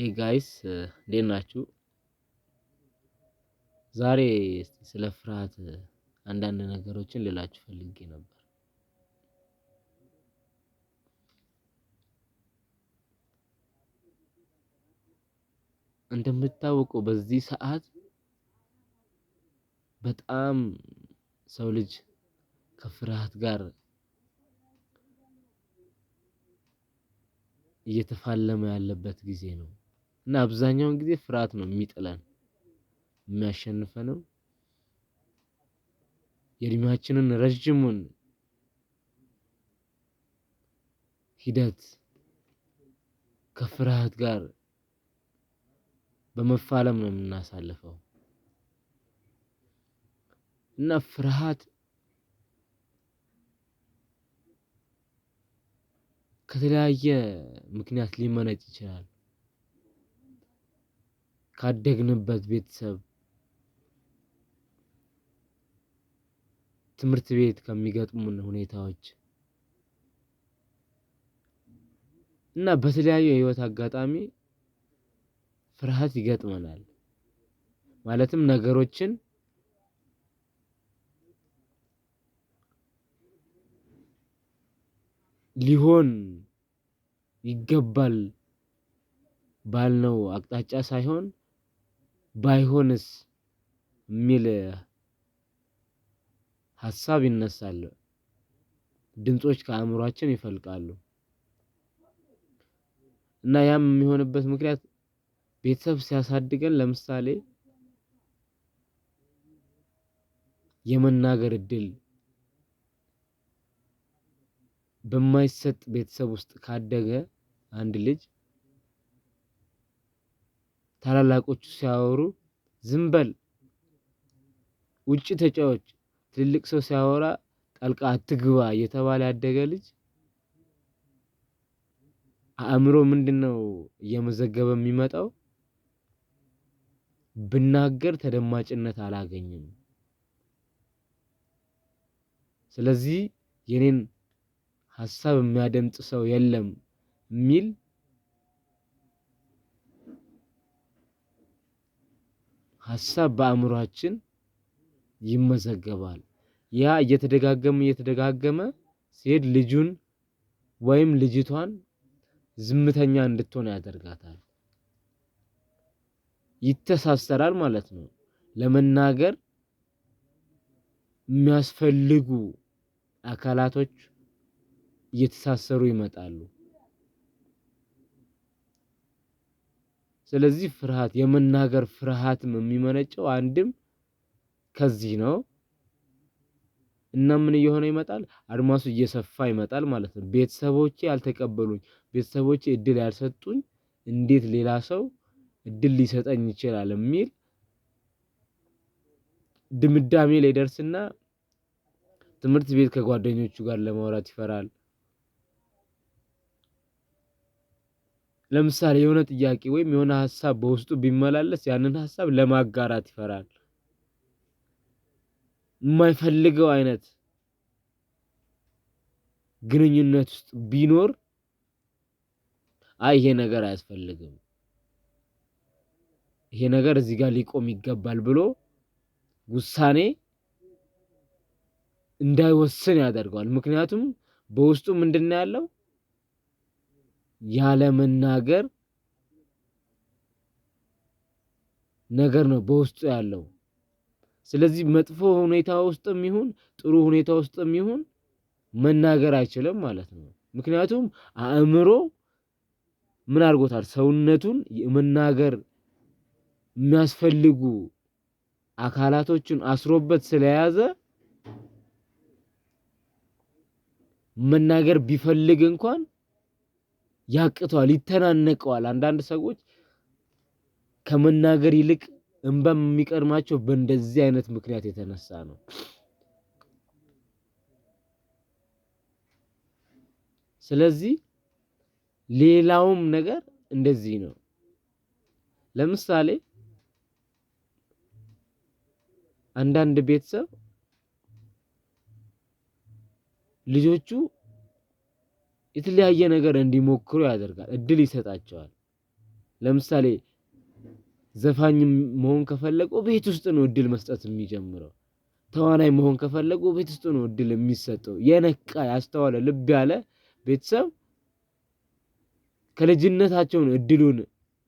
ይህ ጋይስ እንዴት ናችሁ? ዛሬ ስለ ፍርሃት አንዳንድ ነገሮችን ልላችሁ ፈልጌ ነበር። እንደምታወቀው በዚህ ሰዓት በጣም ሰው ልጅ ከፍርሃት ጋር እየተፋለመ ያለበት ጊዜ ነው። እና አብዛኛውን ጊዜ ፍርሃት ነው የሚጥለን የሚያሸንፈንም የእድሜያችንን ረዥሙን ሂደት ከፍርሃት ጋር በመፋለም ነው የምናሳልፈው እና ፍርሃት ከተለያየ ምክንያት ሊመነጭ ይችላል። ካደግንበት ቤተሰብ ትምህርት ቤት ከሚገጥሙን ሁኔታዎች እና በተለያዩ የህይወት አጋጣሚ ፍርሃት ይገጥመናል። ማለትም ነገሮችን ሊሆን ይገባል ባልነው አቅጣጫ ሳይሆን ባይሆንስ የሚል ሀሳብ ይነሳል። ድምጾች ከአእምሯችን ይፈልቃሉ። እና ያም የሚሆንበት ምክንያት ቤተሰብ ሲያሳድገን ለምሳሌ የመናገር እድል በማይሰጥ ቤተሰብ ውስጥ ካደገ አንድ ልጅ ታላላቆቹ ሲያወሩ ዝም በል፣ ውጭ ተጫዎች፣ ትልቅ ሰው ሲያወራ ጣልቃ አትግባ እየተባለ ያደገ ልጅ አእምሮ ምንድን ነው እየመዘገበ የሚመጣው? ብናገር ተደማጭነት አላገኝም። ስለዚህ የኔን ሀሳብ የሚያደምጥ ሰው የለም የሚል ሀሳብ በአእምሯችን ይመዘገባል። ያ እየተደጋገመ እየተደጋገመ ሲሄድ ልጁን ወይም ልጅቷን ዝምተኛ እንድትሆን ያደርጋታል። ይተሳሰራል ማለት ነው። ለመናገር የሚያስፈልጉ አካላቶች እየተሳሰሩ ይመጣሉ። ስለዚህ ፍርሃት የመናገር ፍርሃትም የሚመነጨው አንድም ከዚህ ነው እና ምን እየሆነ ይመጣል? አድማሱ እየሰፋ ይመጣል ማለት ነው። ቤተሰቦቼ ያልተቀበሉኝ፣ ቤተሰቦቼ እድል ያልሰጡኝ፣ እንዴት ሌላ ሰው እድል ሊሰጠኝ ይችላል የሚል ድምዳሜ ላይ ደርስና ትምህርት ቤት ከጓደኞቹ ጋር ለማውራት ይፈራል። ለምሳሌ የሆነ ጥያቄ ወይም የሆነ ሀሳብ በውስጡ ቢመላለስ ያንን ሀሳብ ለማጋራት ይፈራል። የማይፈልገው አይነት ግንኙነት ውስጥ ቢኖር አይ ይሄ ነገር አያስፈልግም፣ ይሄ ነገር እዚህ ጋር ሊቆም ይገባል ብሎ ውሳኔ እንዳይወስን ያደርገዋል። ምክንያቱም በውስጡ ምንድን ነው ያለው? ያለመናገር ነገር ነው በውስጡ ያለው። ስለዚህ መጥፎ ሁኔታ ውስጥም ይሁን ጥሩ ሁኔታ ውስጥም ይሁን መናገር አይችልም ማለት ነው። ምክንያቱም አእምሮ ምን አድርጎታል? ሰውነቱን መናገር የሚያስፈልጉ አካላቶችን አስሮበት ስለያዘ መናገር ቢፈልግ እንኳን ያቅተዋል፣ ይተናነቀዋል። አንዳንድ ሰዎች ከመናገር ይልቅ እንበም የሚቀድማቸው በእንደዚህ አይነት ምክንያት የተነሳ ነው። ስለዚህ ሌላውም ነገር እንደዚህ ነው። ለምሳሌ አንዳንድ ቤተሰብ ልጆቹ የተለያየ ነገር እንዲሞክሩ ያደርጋል፣ እድል ይሰጣቸዋል። ለምሳሌ ዘፋኝ መሆን ከፈለጉ ቤት ውስጥ ነው እድል መስጠት የሚጀምረው። ተዋናይ መሆን ከፈለጉ ቤት ውስጥ ነው እድል የሚሰጠው። የነቃ ያስተዋለ ልብ ያለ ቤተሰብ ከልጅነታቸውን እድሉን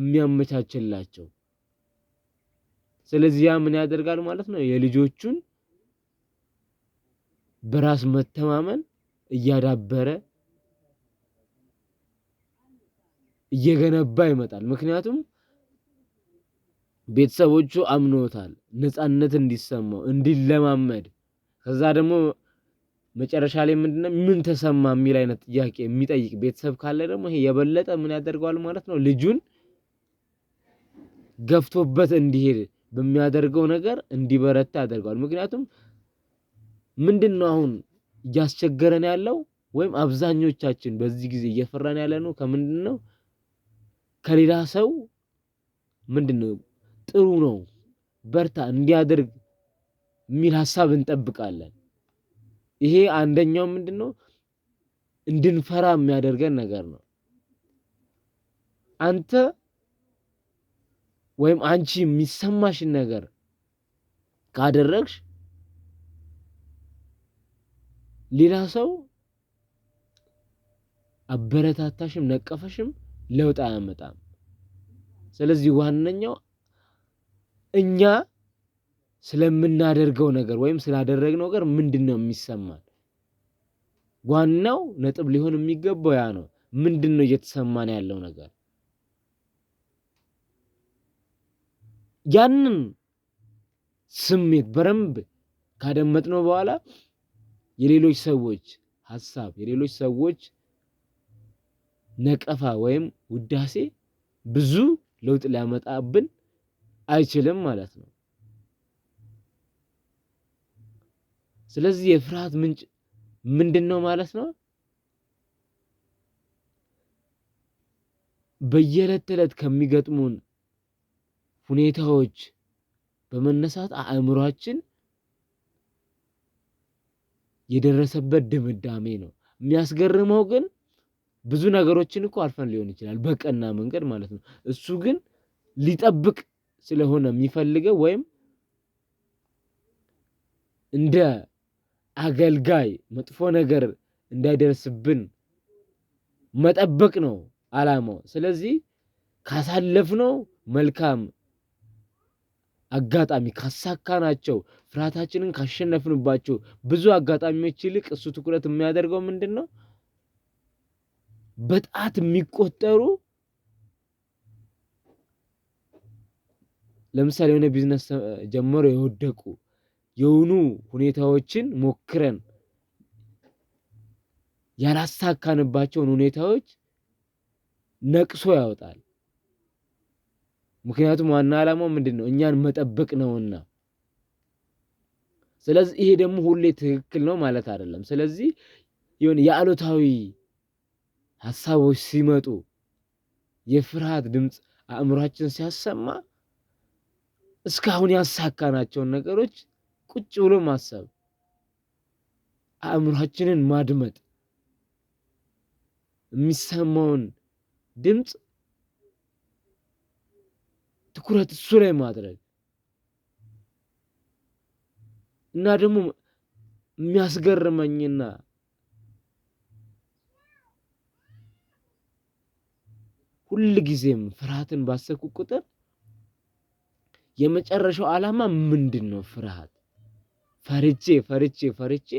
የሚያመቻችላቸው። ስለዚህ ያ ምን ያደርጋል ማለት ነው የልጆቹን በራስ መተማመን እያዳበረ እየገነባ ይመጣል። ምክንያቱም ቤተሰቦቹ አምኖታል፣ ነፃነት እንዲሰማው እንዲለማመድ። ከዛ ደግሞ መጨረሻ ላይ ምንድነው ምን ተሰማ የሚል አይነት ጥያቄ የሚጠይቅ ቤተሰብ ካለ ደግሞ ይሄ የበለጠ ምን ያደርገዋል ማለት ነው ልጁን ገፍቶበት እንዲሄድ በሚያደርገው ነገር እንዲበረታ ያደርገዋል። ምክንያቱም ምንድን ነው አሁን እያስቸገረን ያለው ወይም አብዛኞቻችን በዚህ ጊዜ እየፈራን ያለ ነው ከምንድን ነው ከሌላ ሰው ምንድን ነው ጥሩ ነው በርታ እንዲያደርግ የሚል ሀሳብ እንጠብቃለን። ይሄ አንደኛው ምንድን ነው እንድንፈራ የሚያደርገን ነገር ነው። አንተ ወይም አንቺ የሚሰማሽን ነገር ካደረግሽ ሌላ ሰው አበረታታሽም ነቀፈሽም ለውጥ አያመጣም። ስለዚህ ዋነኛው እኛ ስለምናደርገው ነገር ወይም ስላደረግነው ነገር ምንድን ነው የሚሰማን? ዋናው ነጥብ ሊሆን የሚገባው ያ ነው። ምንድን ነው እየተሰማን ያለው ነገር? ያንን ስሜት በደንብ ካደመጥነው በኋላ የሌሎች ሰዎች ሀሳብ የሌሎች ሰዎች ነቀፋ ወይም ውዳሴ ብዙ ለውጥ ሊያመጣብን አይችልም ማለት ነው። ስለዚህ የፍርሃት ምንጭ ምንድን ነው ማለት ነው? በየዕለት ተዕለት ከሚገጥሙን ሁኔታዎች በመነሳት አእምሯችን የደረሰበት ድምዳሜ ነው። የሚያስገርመው ግን ብዙ ነገሮችን እኮ አልፈን ሊሆን ይችላል በቀና መንገድ ማለት ነው። እሱ ግን ሊጠብቅ ስለሆነ የሚፈልገው ወይም እንደ አገልጋይ መጥፎ ነገር እንዳይደርስብን መጠበቅ ነው አላማው ስለዚህ ካሳለፍነው መልካም አጋጣሚ ካሳካናቸው፣ ፍርሃታችንን ካሸነፍንባቸው ብዙ አጋጣሚዎች ይልቅ እሱ ትኩረት የሚያደርገው ምንድን ነው? በጣት የሚቆጠሩ ለምሳሌ የሆነ ቢዝነስ ጀምሮ የወደቁ የሆኑ ሁኔታዎችን ሞክረን ያላሳካንባቸውን ሁኔታዎች ነቅሶ ያወጣል። ምክንያቱም ዋና ዓላማው ምንድን ነው? እኛን መጠበቅ ነውና። ስለዚህ ይሄ ደግሞ ሁሌ ትክክል ነው ማለት አይደለም። ስለዚህ የሆነ የአሉታዊ ሀሳቦች ሲመጡ የፍርሃት ድምፅ አእምሯችን ሲያሰማ እስካሁን ያሳካናቸውን ነገሮች ቁጭ ብሎ ማሰብ፣ አእምሯችንን ማድመጥ፣ የሚሰማውን ድምፅ ትኩረት እሱ ላይ ማድረግ እና ደግሞ የሚያስገርመኝና ሁልጊዜም ፍርሃትን ባሰብኩ ቁጥር የመጨረሻው ዓላማ ምንድን ነው? ፍርሃት ፈርቼ ፈርቼ ፈርቼ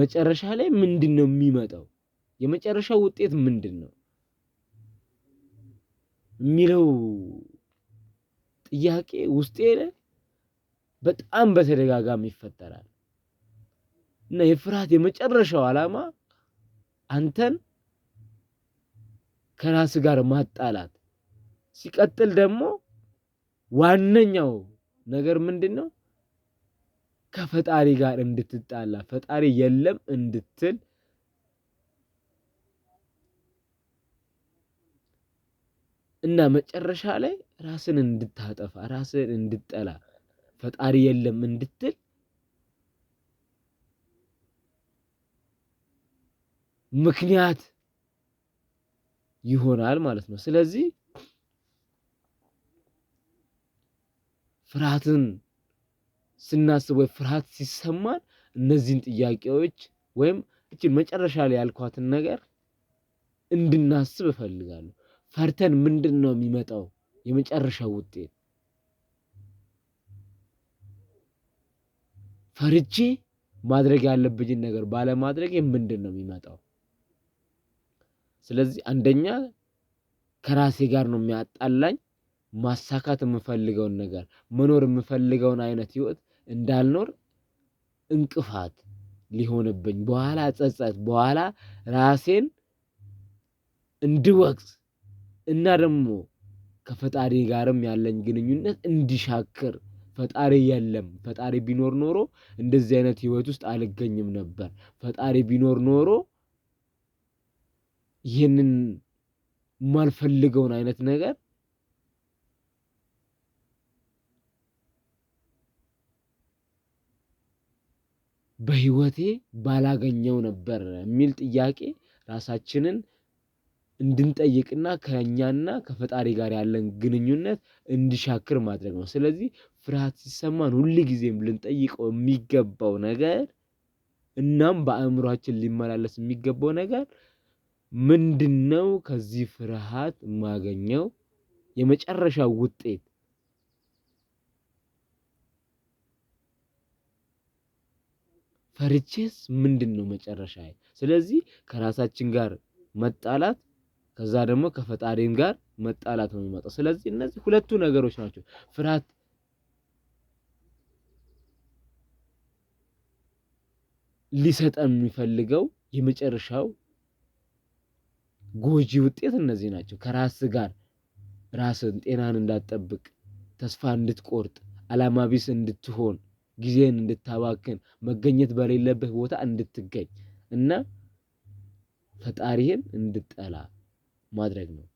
መጨረሻ ላይ ምንድን ነው የሚመጣው? የመጨረሻው ውጤት ምንድን ነው የሚለው ጥያቄ ውስጤ ላይ በጣም በተደጋጋሚ ይፈጠራል እና የፍርሃት የመጨረሻው ዓላማ አንተን ከራስ ጋር ማጣላት። ሲቀጥል ደግሞ ዋነኛው ነገር ምንድን ነው? ከፈጣሪ ጋር እንድትጣላ ፈጣሪ የለም እንድትል እና መጨረሻ ላይ ራስን እንድታጠፋ ራስን እንድጠላ ፈጣሪ የለም እንድትል ምክንያት ይሆናል ማለት ነው። ስለዚህ ፍርሃትን ስናስብ ወይ ፍርሃት ሲሰማን እነዚህን ጥያቄዎች ወይም እችን መጨረሻ ላይ ያልኳትን ነገር እንድናስብ እፈልጋለሁ። ፈርተን ምንድን ነው የሚመጣው የመጨረሻው ውጤት? ፈርቼ ማድረግ ያለብኝን ነገር ባለማድረግ ምንድን ነው የሚመጣው? ስለዚህ አንደኛ ከራሴ ጋር ነው የሚያጣላኝ። ማሳካት የምፈልገውን ነገር መኖር የምፈልገውን አይነት ህይወት እንዳልኖር እንቅፋት ሊሆንብኝ በኋላ ጸጸት፣ በኋላ ራሴን እንድወቅስ እና ደግሞ ከፈጣሪ ጋርም ያለኝ ግንኙነት እንዲሻክር ፈጣሪ የለም። ፈጣሪ ቢኖር ኖሮ እንደዚህ አይነት ህይወት ውስጥ አልገኝም ነበር። ፈጣሪ ቢኖር ኖሮ ይህንን የማልፈልገውን አይነት ነገር በህይወቴ ባላገኘው ነበር የሚል ጥያቄ ራሳችንን እንድንጠይቅና ከእኛና ከፈጣሪ ጋር ያለን ግንኙነት እንዲሻክር ማድረግ ነው። ስለዚህ ፍርሃት ሲሰማን ሁል ጊዜም ልንጠይቀው የሚገባው ነገር እናም በአእምሯችን ሊመላለስ የሚገባው ነገር ምንድነው ከዚህ ፍርሃት የማገኘው የመጨረሻው ውጤት? ፈርቼስ ምንድን ነው መጨረሻ? ስለዚህ ከራሳችን ጋር መጣላት ከዛ ደግሞ ከፈጣሪም ጋር መጣላት ነው የሚመጣው። ስለዚህ እነዚህ ሁለቱ ነገሮች ናቸው ፍርሃት ሊሰጠን የሚፈልገው የመጨረሻው ጎጂ ውጤት እነዚህ ናቸው። ከራስ ጋር ራስን ጤናን እንዳትጠብቅ፣ ተስፋ እንድትቆርጥ፣ አላማ ቢስ እንድትሆን፣ ጊዜን እንድታባክን፣ መገኘት በሌለበት ቦታ እንድትገኝ እና ፈጣሪህን እንድጠላ ማድረግ ነው።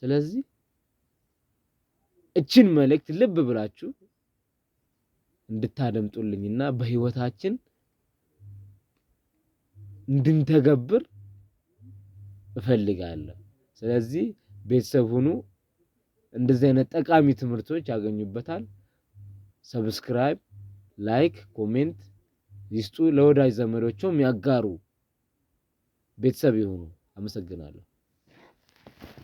ስለዚህ እችን መልእክት ልብ ብላችሁ እንድታደምጡልኝና በህይወታችን እንድንተገብር እፈልጋለሁ። ስለዚህ ቤተሰብ ሁኑ። እንደዚህ አይነት ጠቃሚ ትምህርቶች ያገኙበታል። ሰብስክራይብ፣ ላይክ፣ ኮሜንት ይስጡ። ለወዳጅ ዘመዶቹም ያጋሩ። ቤተሰብ ይሁኑ። አመሰግናለሁ።